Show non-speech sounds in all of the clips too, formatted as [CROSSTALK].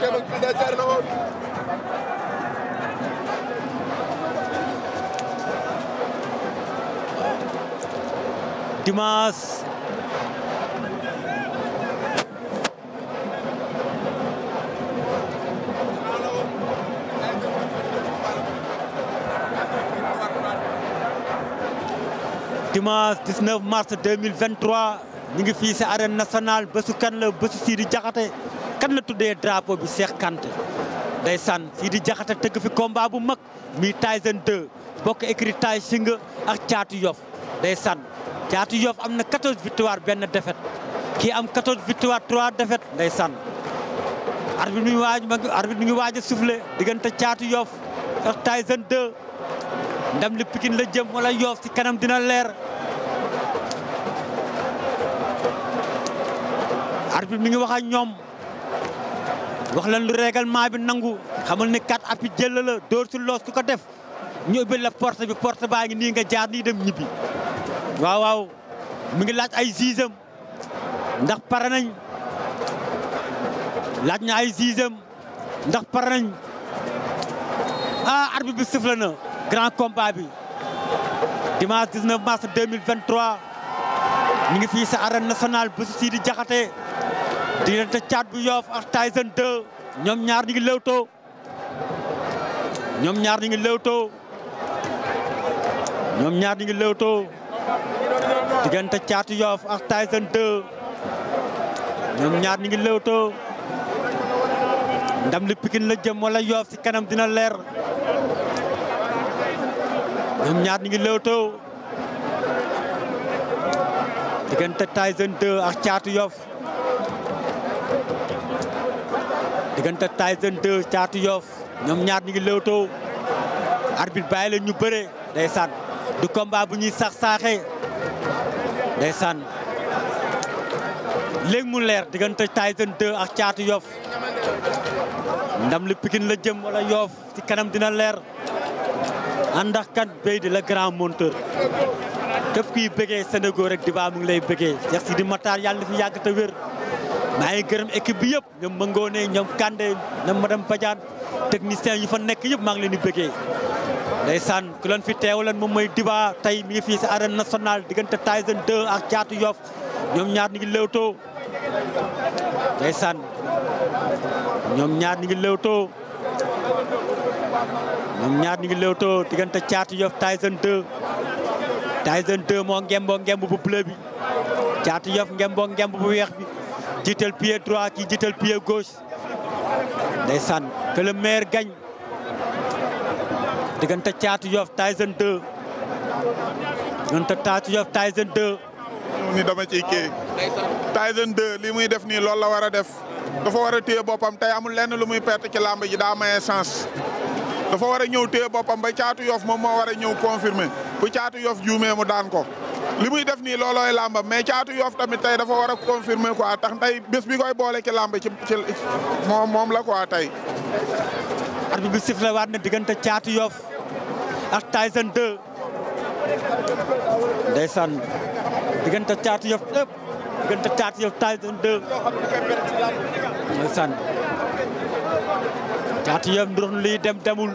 kenn ku ne seer na woon. Dimanche. dimanche 19 mars 2023 ñu ngi fii ci arène nationale bésu kan la bésu Sidi Diakhaté kan la tuddee drapeau bi Cheikh Kanté ndeysaan fii di jaxata tëgg fi combat bu mag mi Tyson 2 bokk écrit Tay ak Caatu Yoff ndeysaan Caatu Yoff am na 14 victoire benn défaite kii am 14 victoire 3 défaite ndeysaan arbitre mi ngi waaj mi ngi waaj a soufflé diggante Caatu Yoff ak Tyson 2 ndam li la jëm wala Yoff ci kanam dina leer arbitre mi ngi wax ñoom wax la lu règlement bi nangu xamal ni quatre appuis jël la dóor su loos ku ko def ñu ubbil la porte bi porte baa ngi nii nga jaar nii dem ñibbi waaw waaw mu ngi laaj ay zizam ndax pare nañ laaj na ay zizam ndax pare nañ ah arbitre bi sifflé na grand combat bi dimanche 19 mars 2023 ñu ngi fii sa arène nationale bu si di jaxate diggante caat bu yoof ak Tyson 2 ñoom ñaar ñu ngi lewtoo ñoom ñaar ñu ngi lewtoo ñoom ñaar ñu ngi caatu yoof ak Tyson 2 ñoom ñaar ñu ngi lewtoo ndam li Pikine la jëm wala yoof ci kanam dina leer ñoom ñaar ñu ngi lewtoo diggante Tyson 2 ak caatu yoof diggante Tyson 2 Caatu Yoff ñoom ñaar ñu ngi lewtoo arbitre bàyyi leen ñu bëre day sànn du combat bu ñuy sax saaxe day sànn léegi mu leer diggante Tyson 2 ak Caatu Yoff ndam li Pikine la jëm wala Yoff ci kanam dina leer ànd ak kan béy di la grand monteur képp kuy bëggee Sénégal rek di baa mu ngi lay bëggee Cheikh Sidi Matar yàlla na fi yàgg te wér maa ngi gërëm équipe bi yëpp ñoom Mangone ñoom Kande ñoom madame Badiane technicien yi fa nekk yëpp maa ngi leen di bëggee. ndeysaan ku leen fi teewaloon moom mooy Diba tey mi ngi fii si arène nationale diggante Tyson 2 ak Thiatou yof ñoom ñaar ñu ngi lewtoo ndeysaan ñoom ñaar ñu ngi lewtoo ñoom ñaar ñu ngi lewtoo diggante Thiatou Yoff Tyson 2 Tyson 2 moo ngemboo ngemb bu bleu bi Thiatou Yoff ngemboo ngemb bu weex bi jiital pied droit ki jiital pied gauche day que le maire gagne diggante Thiatou Yoff Tyson 2 diggante Thiatou Yoff Tyson 2 ni dama ciy kii Tyson 2 li muy def nii loolu la war a def dafa war a téye boppam tey amul lenn lu muy perte ci làmb ji daa maye sens dafa war a ñëw téye boppam ba caatu Yoff moom moo war a ñëw confirmer bu Thiatou Yoff juumee mu daan ko li muy def nii loolooy làmba mais caatu yoof tamit tey dafa war a confirmer quoi tax tey bés bi koy boole ci làmb ci ci moom moom la quoi tey. arbitre bi sifflé waat na diggante caatu yoof ak Tyson 2. ndeysaan diggante caatu yoof lépp diggante caatu yoof Tyson 2. ndeysaan caatu yoof ndox luy dem demul.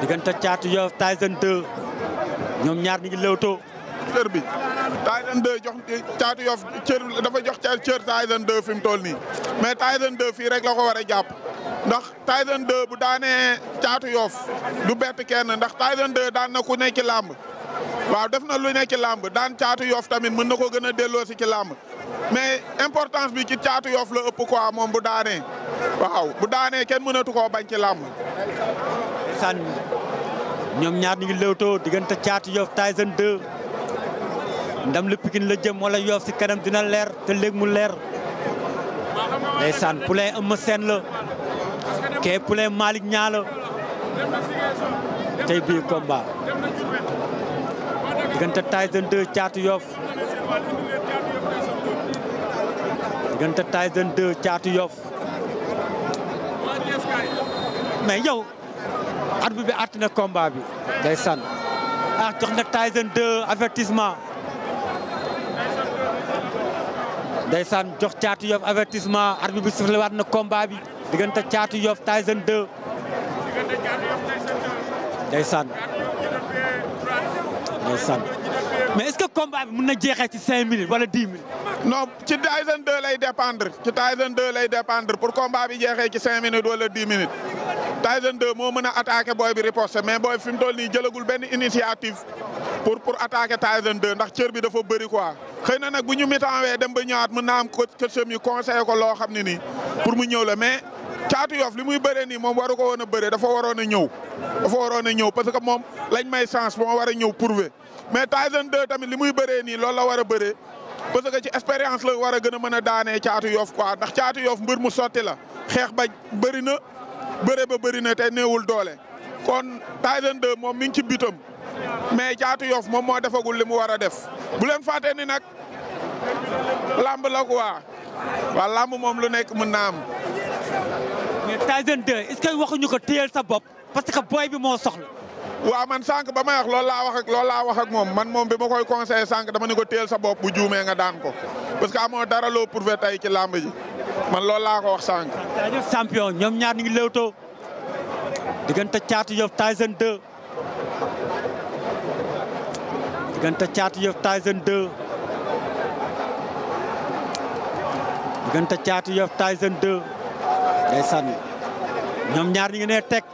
diggante Caatu Yoff Tyson 2 ñoom ñaar ñu ngi lewtoo cër bi Tyson jox Caatu Yoff dafa jox cër Tyson 2 fi mu toll nii mais Tyson 2 fii rek la ko war a jàpp ndax Tyson 2 bu daanee Caatu Yoff du bett kenn ndax Tyson daan na ku nekk ci làmb waaw def na lu nekk ci làmb daan Caatu yoof tamit mën na ko gën a delloosi si ci làmb mais importance bi ci Caatu yoof la ëpp quoi moom bu daanee waaw bu daanee kenn mënatu koo bañ ci làmb ndeysaan ñoom ñaar ñu ngi lewtoo diggante Thiatou Yoff Tyson 2 ndam lu Pikine la jëm wala Yoff si kanam dina leer te léeg mu leer ndeysaan poulain Eumeu Sène la kee poulain Malick Niang la tey bii combat diggante Tyson 2 Thiatou Yoff diggante Tyson 2 caatu Yoff mais yow arbitre bi àtt na combat bi day sànn ah jox na Tyson 2 avertissement day san jox caatu yof avertissement arbitre bi sifflé waat na combat bi diggante caatu yof Tyson 2 day sànn day san mais est-ce que combat bi mën na jeexee ci 5 minutes wala 10 minutes. no ci Tyson 2 lay dépendre ci Tyson 2 lay dépendre pour combat bi jeexee ci 5 minutes wala 10 minutes. Tyson 2 moo mën a attaqué booy bi riposte mais booy fi mu toll nii benn initiative pour pour attaqué ndax cër bi dafa bëri quoi. xëy na nag bu ñu mitanwee dem ba ñëwaat mën naa am ko semi yi conseillé ko loo xam ne nii pour mu ñëw la mais caatu yof li muy bëree nii moom waru ko woon a bëree dafa waroon a ñëw. dafa waroon a ñëw parce que moom lañ may chance moo war a ñëw prouver mais Tyson 2 tamit li muy bëree nii loolu la war a bëree. parce que ci expérience la war gën a mën a daanee caatu yoof ndax caatu yoof mbir mu sotti la xeex ba bëri na bëre ba bëri na te néewul doole kon Tyson 2 moom mi ngi ci bitam mais Caatu Yoff moom moo defagul li mu war a def bu leen fàtte ni nag lamb la quoi waa lamb moom lu nekk mën naa am. mais Tyson 2 est-ce que waxuñu ko téyel sa bopp parce que boy bi moo soxla. waa man sànq ba may lool loolu laa wax ak loolu wax ak moom man moom bi ma koy conseillé sànq dama ne ko téyel sa bopp bu juumee nga daan ko parce que amoo dara loo prouvé tey ci lamb ji man loolu laa ko wax sànq. champion ñoom ñaar ñu ngi lewtoo diggante Thiatou Yoff Tyson 2 diggante Thiatou Yoff Tyson 2 diggante Thiatou Yoff Tyson 2 ndeysaan ñoom ñaar ñu ngi nee teg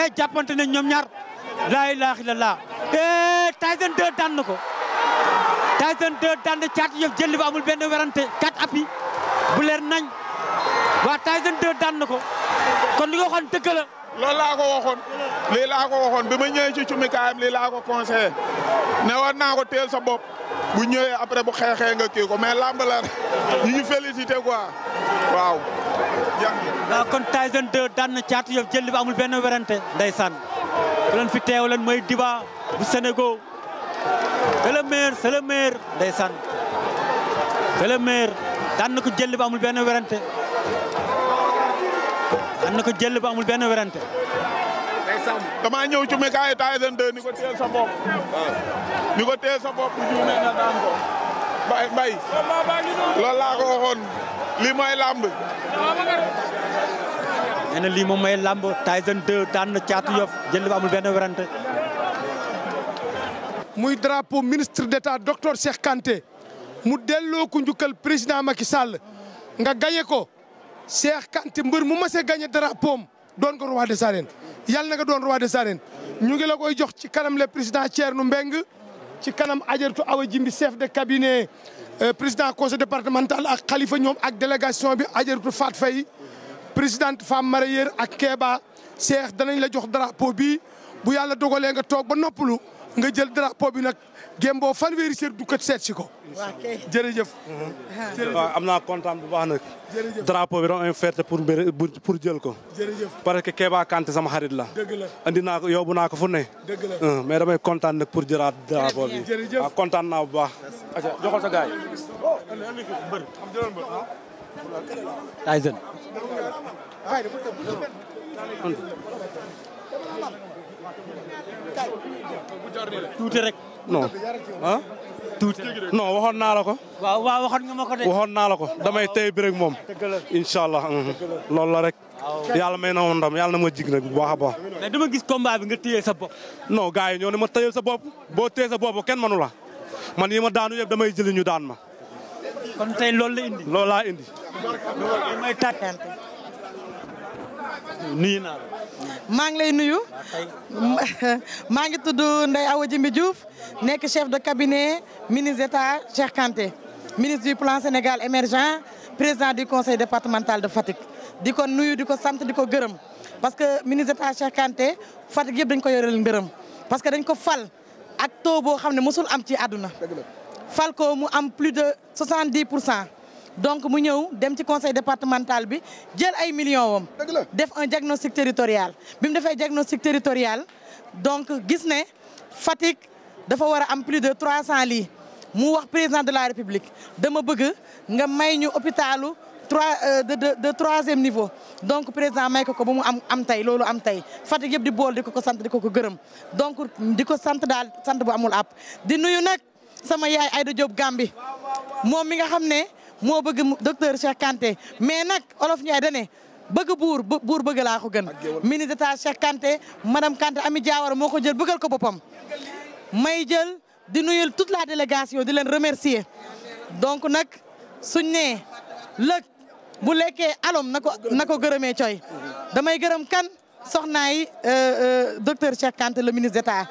e jàppante nañ ñoom ñaar laa ilaaha illallaah e eh, Tyson 2 daan na ko Tyson 2 daan na Thiatou Yoff jël ba amul benn werante kat api bu nañ waa Tyson 2 daan na ko kon li nga waxoon dëgg la. loolu ko waxoon lii laa ko waxoon bi ma ñëwee ci cumi kaayam lii laa ko conseillé ne war naa ko teel sa bopp bu ñëwee après bu xeexee nga kii ko mais làmb la ñu ñu félicité quoi waaw. waaw kon Tyson 2 daan na caatu yow jël li ba amul benn werante ndeysaan ku leen fi teew leen mooy Diba bu Sénégal c'est le maire c'est le daan na ko jël li ba amul benn werante am na ko jël ba amul benn werante. damaa ñëw ci Mécaye Tyson 2 ni ko téel sa bopp. Ah. ni ko téel sa bopp juumee nga ko. mbay mbay loolu laa ko waxoon lii mooy làmb. nee na lii moom mooy làmb Tyson 2 daan na caatu yof jël ba amul benn werante. muy drapeau ministre d'État docteur Cheikh Kanté mu delloo ko njukkal président Macky Sall nga gaye ko. Cheikh Kanté mbër mu mësee gagné drapeau am doon ko roi des arènes yàlla na nga doon roi des arènes ñu ngi la koy jox ci kanam le président nu Mbengue ci kanam ajartu Awa Jimbi chef de cabinet euh, président conseil départemental ak kalifa ñoom ak délégation bi ajartu Fat Faye présidente femme mareyeur ak Kéba Cheikh danañ la jox drapeau bi bu yàlla dogalee nga toog ba noppalu nga jël drapeau bi nag gémboo fanweeri seet du seet si ko. jërëjëf. Uh-huh. am naa kontaan bu baax nag. jërëjëf drapeau bi dama am fierté pour pour jël ko. jërëjëf parce que Kéba sama xarit la. indi la andi naa ko yóbbu naa ko fu uh, mais damay kontaan nag pour jëlaat drapeau bi. jërëjëf waaw kontaan naa bu baax. ok joxal tuuti rek. non ah. tuuti non waxoon naa la ko. waaw waaw nga ma waxoon naa la ko damay tey bi rek moom. incha allah loolu la rek. yàlla may na woon ndam yàlla na ma jig nag bu baax a baax. dama gis combat bi nga téye sa bopp. non gars yi ñoo ne ma téye sa bopp boo téye sa bopp kenn nu la man yi ma daanu yëpp damay jëli ñu daan ma. kon tey loolu indi. loolu laa indi. mooy naa maa ngi lay nuyu [LAUGHS] maa ngi tudd Ndeye Awa Jimbi Diouf nekk chef de cabinet ministre d'État Cheikh Kanté ministre du plan Sénégal émergent président du conseil départemental de Fatick di ko nuyu di ko sant di ko gërëm parce que ministre d'État Cheikh Kanté Fatick yëpp dañ ko yoreel ngërëm parce que dañ ko fal ak taux boo xam ne mosul am ci àdduna fal ko mu am plus de 70 pour cent donc mu ñëw dem ci conseil départemental bi jël ay millions wam def un diagnostic territorial bi mu defee diagnostic territorial donc gis ne Fatick dafa war a am plus de trois 300 lits mu wax président de la république dama bëgg nga may ñu hôpitalu trois euh, de de de troisième niveau donc président may ko ko ba mu am am tey loolu am tey Fatick yëpp di bool di ko ko sant di ko ko gërëm donc di ko sant daal sant bu amul àpp di nuyu nag sama yaay Aïda Diop Gambi moom mi nga xam ne moo bëgg docteur Cheikh Kanté mais nag olof Ndiaye da bëgg buur buur bëgg laa ko gën. ministre d'État Cheikh Kanté madame Kanté Ami Diawara moo ko jël bëggal ko boppam. may jël di nuyul toute la délégation di leen remercier donc nag suñ nee lëg bu lekkee alom na ko na ko gërëmee coy damay gërëm kan soxnaay euh, euh, docteur Cheikh Kanté le ministre d'État